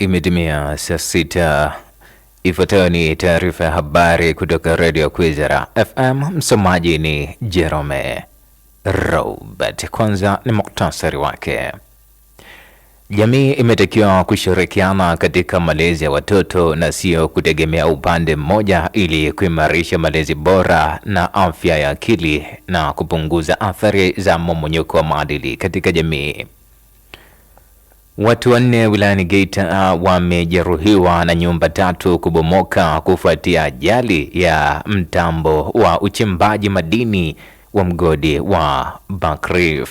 Imetimia saa sita. Ifuatayo ni taarifa ya habari kutoka redio Kwizera FM. Msomaji ni Jerome Robert. Kwanza ni muktasari wake. Jamii imetakiwa kushirikiana katika malezi ya watoto na sio kutegemea upande mmoja ili kuimarisha malezi bora na afya ya akili na kupunguza athari za mmomonyoko wa maadili katika jamii. Watu wanne wilayani Geita ah, wamejeruhiwa na nyumba tatu kubomoka kufuatia ajali ya mtambo wa uchimbaji madini wa mgodi wa Buckreef.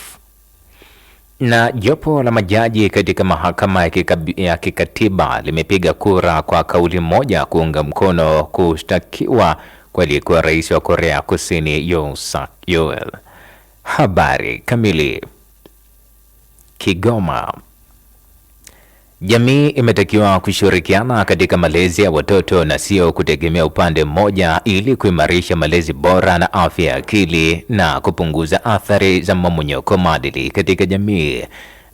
Na jopo la majaji katika mahakama ya, kikab... ya kikatiba limepiga kura kwa kauli moja kuunga mkono kushtakiwa kwa aliyekuwa rais wa Korea Kusini Yoon Suk Yeol. Habari kamili. Kigoma Jamii imetakiwa kushirikiana katika malezi ya watoto na sio kutegemea upande mmoja ili kuimarisha malezi bora na afya ya akili na kupunguza athari za mmomonyoko maadili katika jamii.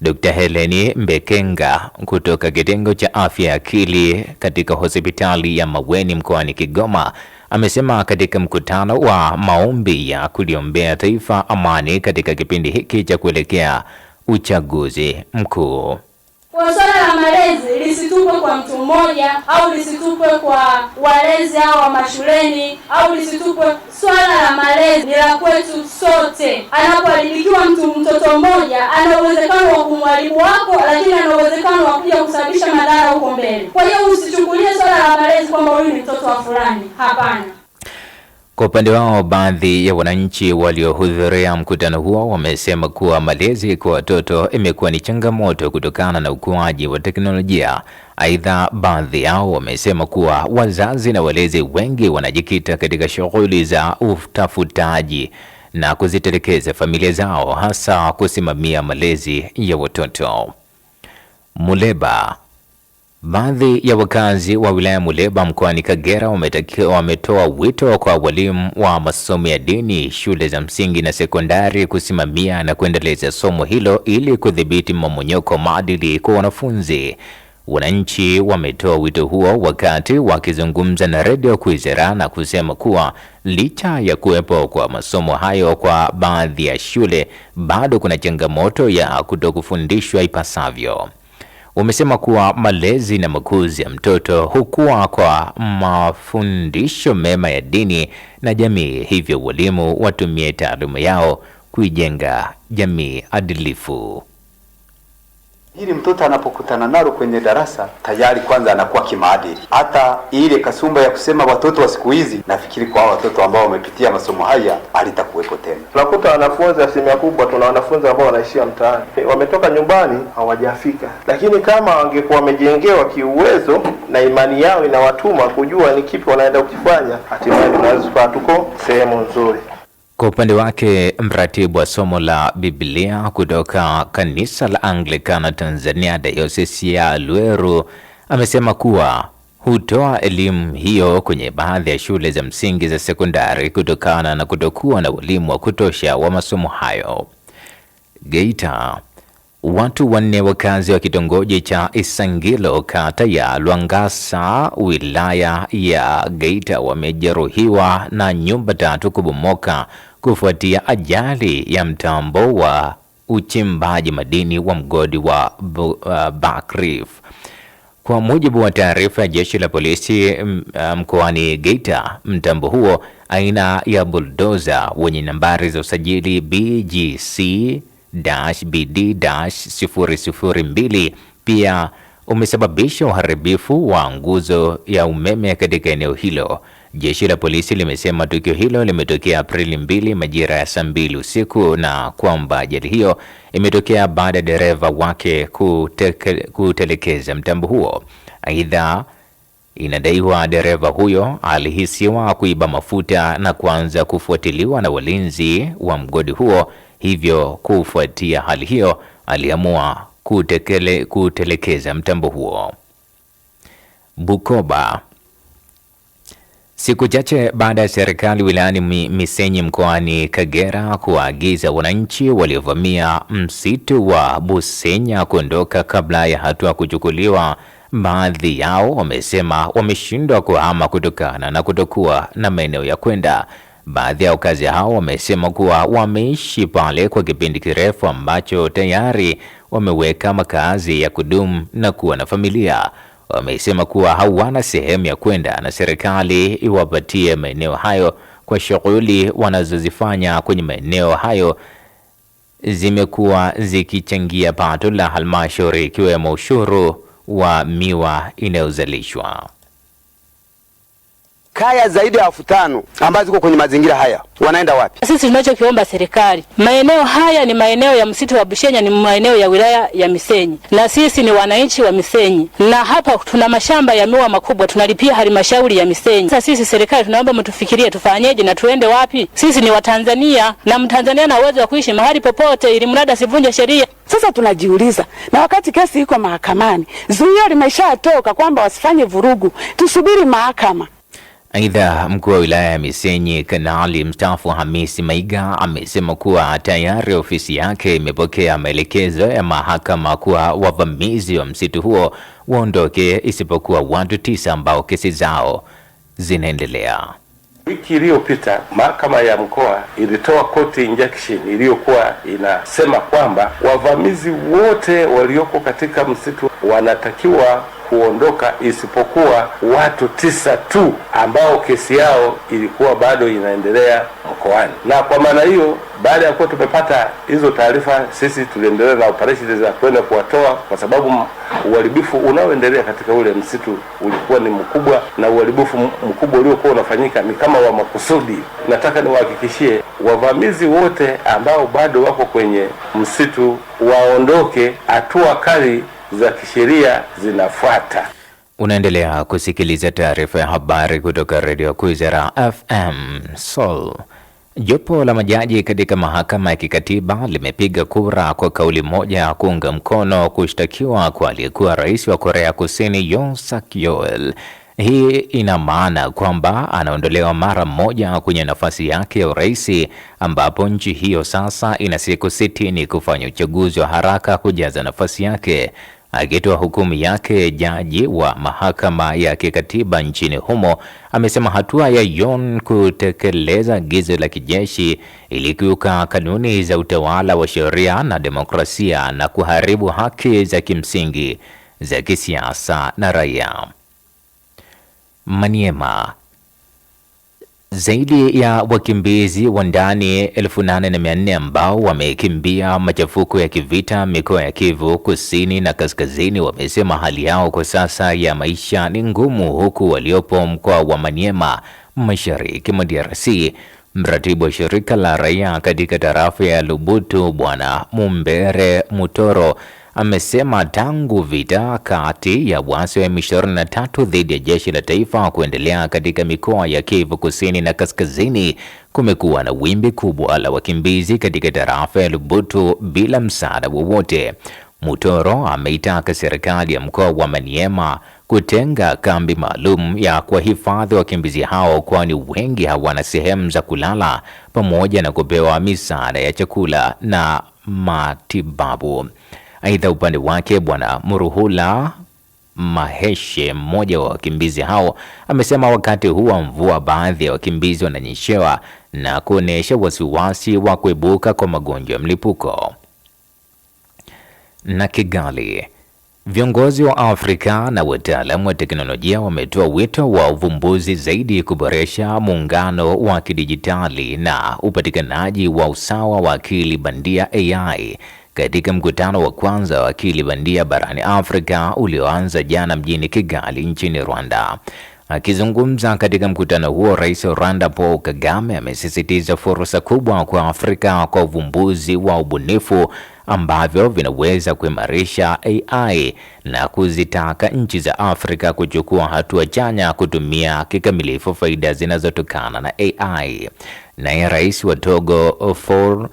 dr Heleni Mbekenga kutoka kitengo cha afya ya akili katika hospitali ya Maweni mkoani Kigoma amesema katika mkutano wa maombi ya kuliombea taifa amani katika kipindi hiki cha kuelekea uchaguzi mkuu. Kwa swala la malezi lisitupwe kwa mtu mmoja au lisitupwe kwa walezi au wa mashuleni au lisitupwe. Swala la malezi ni la kwetu sote. Anapoadhibikiwa mtu mtoto mmoja, ana uwezekano wa kumwaribu wako, lakini ana uwezekano wa kuja kusababisha madhara huko mbele. Kwa hiyo usichukulie swala la malezi kwamba huyu ni mtoto wa fulani, hapana. Kwa upande wao, baadhi ya wananchi waliohudhuria mkutano huo wamesema kuwa malezi kwa watoto imekuwa ni changamoto kutokana na ukuaji wa teknolojia. Aidha, baadhi yao wamesema kuwa wazazi na walezi wengi wanajikita katika shughuli za utafutaji na kuzitelekeza familia zao, hasa kusimamia malezi ya watoto. Muleba Baadhi ya wakazi wa wilaya Muleba mkoani Kagera wametoa wito kwa walimu wa masomo ya dini shule za msingi na sekondari kusimamia na kuendeleza somo hilo ili kudhibiti mmomonyoko maadili kwa wanafunzi. Wananchi wametoa wito huo wakati wakizungumza na redio Kwizera na kusema kuwa licha ya kuwepo kwa masomo hayo kwa baadhi ya shule, bado kuna changamoto ya kutokufundishwa ipasavyo. Wamesema kuwa malezi na makuzi ya mtoto hukua kwa mafundisho mema ya dini na jamii, hivyo walimu watumie taaluma yao kuijenga jamii adilifu ili mtoto anapokutana nalo kwenye darasa tayari kwanza anakuwa kimaadili. Hata ile kasumba ya kusema watoto wa siku hizi, nafikiri kwa watoto ambao wamepitia masomo haya alitakuwepo tena. Tunakuta wanafunzi asilimia kubwa, tuna wanafunzi ambao wanaishia mtaani, eh, wametoka nyumbani hawajafika, lakini kama wangekuwa wamejengewa kiuwezo na imani yao inawatuma kujua ni kipi wanaenda kukifanya, hatimaye tunaweza tukawa tuko sehemu nzuri. Kwa upande wake mratibu wa somo la Biblia kutoka kanisa la Anglikana Tanzania Dayosisi ya Lweru amesema kuwa hutoa elimu hiyo kwenye baadhi ya shule za msingi za sekondari kutokana na kutokuwa na walimu wa kutosha wa masomo hayo. Geita Watu wanne wakazi wa kitongoji cha Isangilo kata ya Lwangasa wilaya ya Geita wamejeruhiwa na nyumba tatu kubomoka kufuatia ajali ya mtambo wa uchimbaji madini wa mgodi wa uh, bakrif Reef. Kwa mujibu wa taarifa ya jeshi la polisi uh, mkoani Geita, mtambo huo aina ya buldoza wenye nambari za usajili BGC BD-002 pia umesababisha uharibifu wa nguzo ya umeme katika eneo hilo. Jeshi la polisi limesema tukio hilo limetokea Aprili mbili majira ya saa mbili usiku na kwamba ajali hiyo imetokea baada ya dereva wake kuteke, kutelekeza mtambo huo. Aidha, Inadaiwa dereva huyo alihisiwa kuiba mafuta na kuanza kufuatiliwa na walinzi wa mgodi huo, hivyo kufuatia hali hiyo aliamua kutekele, kutelekeza mtambo huo. Bukoba. Siku chache baada ya serikali wilayani Misenyi mkoani Kagera kuwaagiza wananchi waliovamia msitu wa Busenya kuondoka kabla ya hatua kuchukuliwa Baadhi yao wamesema wameshindwa kuhama kutokana na kutokuwa na maeneo ya kwenda. Baadhi ya wakazi hao wamesema kuwa wameishi pale kwa kipindi kirefu ambacho tayari wameweka makazi ya kudumu na kuwa na familia. Wamesema kuwa hawana sehemu ya kwenda na serikali iwapatie maeneo hayo, kwa shughuli wanazozifanya kwenye maeneo hayo zimekuwa zikichangia pato la halmashauri ikiwemo ushuru wa miwa inayozalishwa kaya zaidi ya elfu tano ambazo ziko kwenye mazingira haya wanaenda wapi? Sisi tunachokiomba serikali, maeneo haya ni maeneo ya msitu wa Bushenya, ni maeneo ya wilaya ya Misenyi, na sisi ni wananchi wa Misenyi, na hapa tuna mashamba ya miwa makubwa, tunalipia halmashauri ya Misenyi. Sasa sisi serikali tunaomba mtufikirie tufanyeje na tuende wapi? Sisi ni Watanzania na Mtanzania na uwezo wa kuishi mahali popote, ili mradi asivunje sheria. Sasa tunajiuliza na wakati kesi iko mahakamani, zuio limeshatoka kwamba wasifanye vurugu, tusubiri mahakama. Aidha, mkuu wa wilaya ya Misenyi Kanali mstaafu Hamisi Maiga amesema kuwa tayari ofisi yake imepokea maelekezo ya mahakama kuwa wavamizi wa msitu huo waondoke isipokuwa watu tisa ambao kesi zao zinaendelea. Wiki iliyopita mahakama ya mkoa ilitoa koti injunction iliyokuwa inasema kwamba wavamizi wote walioko katika msitu wanatakiwa kuondoka, isipokuwa watu tisa tu ambao kesi yao ilikuwa bado inaendelea mkoani. Na kwa maana hiyo, baada ya kuwa tumepata hizo taarifa, sisi tuliendelea na operesheni za kwenda kuwatoa, kwa sababu uharibifu unaoendelea katika ule msitu ulikuwa ni mkubwa, na uharibifu mkubwa uliokuwa unafanyika ni kama wa makusudi. Nataka niwahakikishie wavamizi wote ambao bado wako kwenye msitu waondoke, hatua kali za kisheria zinafuata. Unaendelea kusikiliza taarifa ya habari kutoka redio Kwizera FM Sol. Jopo la majaji katika mahakama ya kikatiba limepiga kura kwa kauli moja ya kuunga mkono kushtakiwa kwa aliyekuwa rais wa Korea Kusini Yoon Suk Yeol. Hii ina maana kwamba anaondolewa mara moja kwenye nafasi yake ya urais, ambapo nchi hiyo sasa ina siku sitini kufanya uchaguzi wa haraka kujaza nafasi yake. Akitoa hukumu yake, jaji wa mahakama ya kikatiba nchini humo amesema hatua ya Yoon kutekeleza agizo la kijeshi ilikiuka kanuni za utawala wa sheria na demokrasia na kuharibu haki za kimsingi za kisiasa na raia. Maniema zaidi ya wakimbizi wa ndani elfu ambao wamekimbia machafuko ya kivita mikoa ya Kivu Kusini na Kaskazini wamesema hali yao kwa sasa ya maisha ni ngumu, huku waliopo mkoa wa Maniema Mashariki mwa DRC. Mratibu wa shirika la raia katika tarafa ya Lubutu Bwana Mumbere Mutoro amesema tangu vita kati ya waasi wa M23 dhidi ya jeshi la taifa kuendelea katika mikoa ya Kivu Kusini na Kaskazini, kumekuwa na wimbi kubwa la wakimbizi katika tarafa ya Lubutu bila msaada wowote. Mutoro ameitaka serikali ya mkoa wa Maniema kutenga kambi maalum ya kuwahifadhi wakimbizi hao, kwani wengi hawana sehemu za kulala pamoja na kupewa misaada ya chakula na matibabu. Aidha, upande wake Bwana Muruhula Maheshe, mmoja wa wakimbizi hao, amesema wakati huu wa mvua, baadhi ya wakimbizi wananyeshewa na kuonesha wasiwasi wa kuibuka kwa magonjwa ya mlipuko. Na Kigali, viongozi wa Afrika na wataalamu wa teknolojia wametoa wito wa uvumbuzi zaidi kuboresha muungano wa kidijitali na upatikanaji wa usawa wa akili bandia AI katika mkutano wa kwanza wa akili bandia barani Afrika ulioanza jana mjini Kigali nchini Rwanda. Akizungumza katika mkutano huo, Rais wa Rwanda Paul Kagame amesisitiza fursa kubwa kwa Afrika kwa uvumbuzi wa ubunifu ambavyo vinaweza kuimarisha AI na kuzitaka nchi za Afrika kuchukua hatua chanya kutumia kikamilifu faida zinazotokana na AI. Naye Rais wa Togo Faure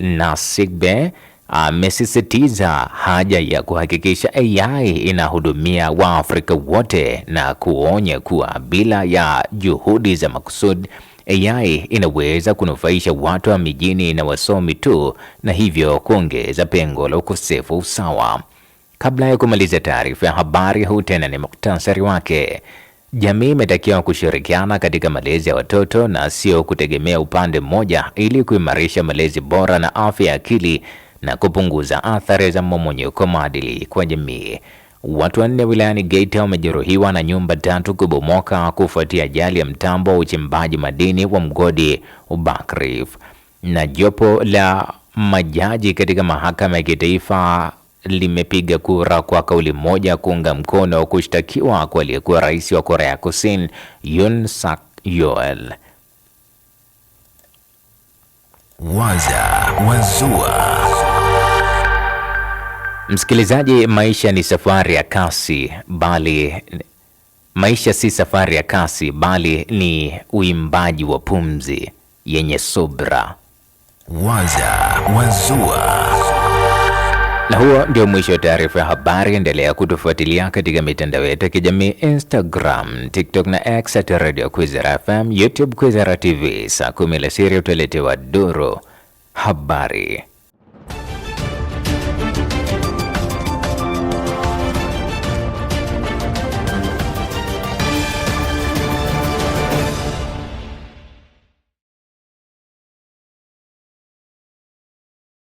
Gnassingbe amesisitiza haja ya kuhakikisha AI inahudumia Waafrika wote na kuonya kuwa bila ya juhudi za makusudi AI inaweza kunufaisha watu wa mijini na wasomi tu na hivyo kuongeza pengo la ukosefu usawa. Kabla ya kumaliza taarifa ya habari, huu tena ni muktasari wake. Jamii imetakiwa kushirikiana katika malezi ya watoto na sio kutegemea upande mmoja, ili kuimarisha malezi bora na afya ya akili na kupunguza athari za mmomonyoko maadili kwa jamii. Watu wanne wilayani Geita wamejeruhiwa na nyumba tatu kubomoka kufuatia ajali ya mtambo wa uchimbaji madini wa mgodi Ubakrif. Na jopo la majaji katika mahakama ya kitaifa limepiga kura kwa kauli moja kuunga mkono kushtakiwa kwa aliyekuwa rais wa Korea Kusini Yoon Suk Yeol. Waza Wazua. Msikilizaji, maisha ni safari ya kasi bali maisha si safari ya kasi bali ni uimbaji wa pumzi yenye subra. Waza Wazua. Na huo ndio mwisho wa taarifa ya habari. Endelea kutufuatilia katika mitandao yetu ya kijamii Instagram, TikTok na X at Radio Kwizera FM, YouTube Kwizera TV. Saa kumi alasiri utaletewa duru habari.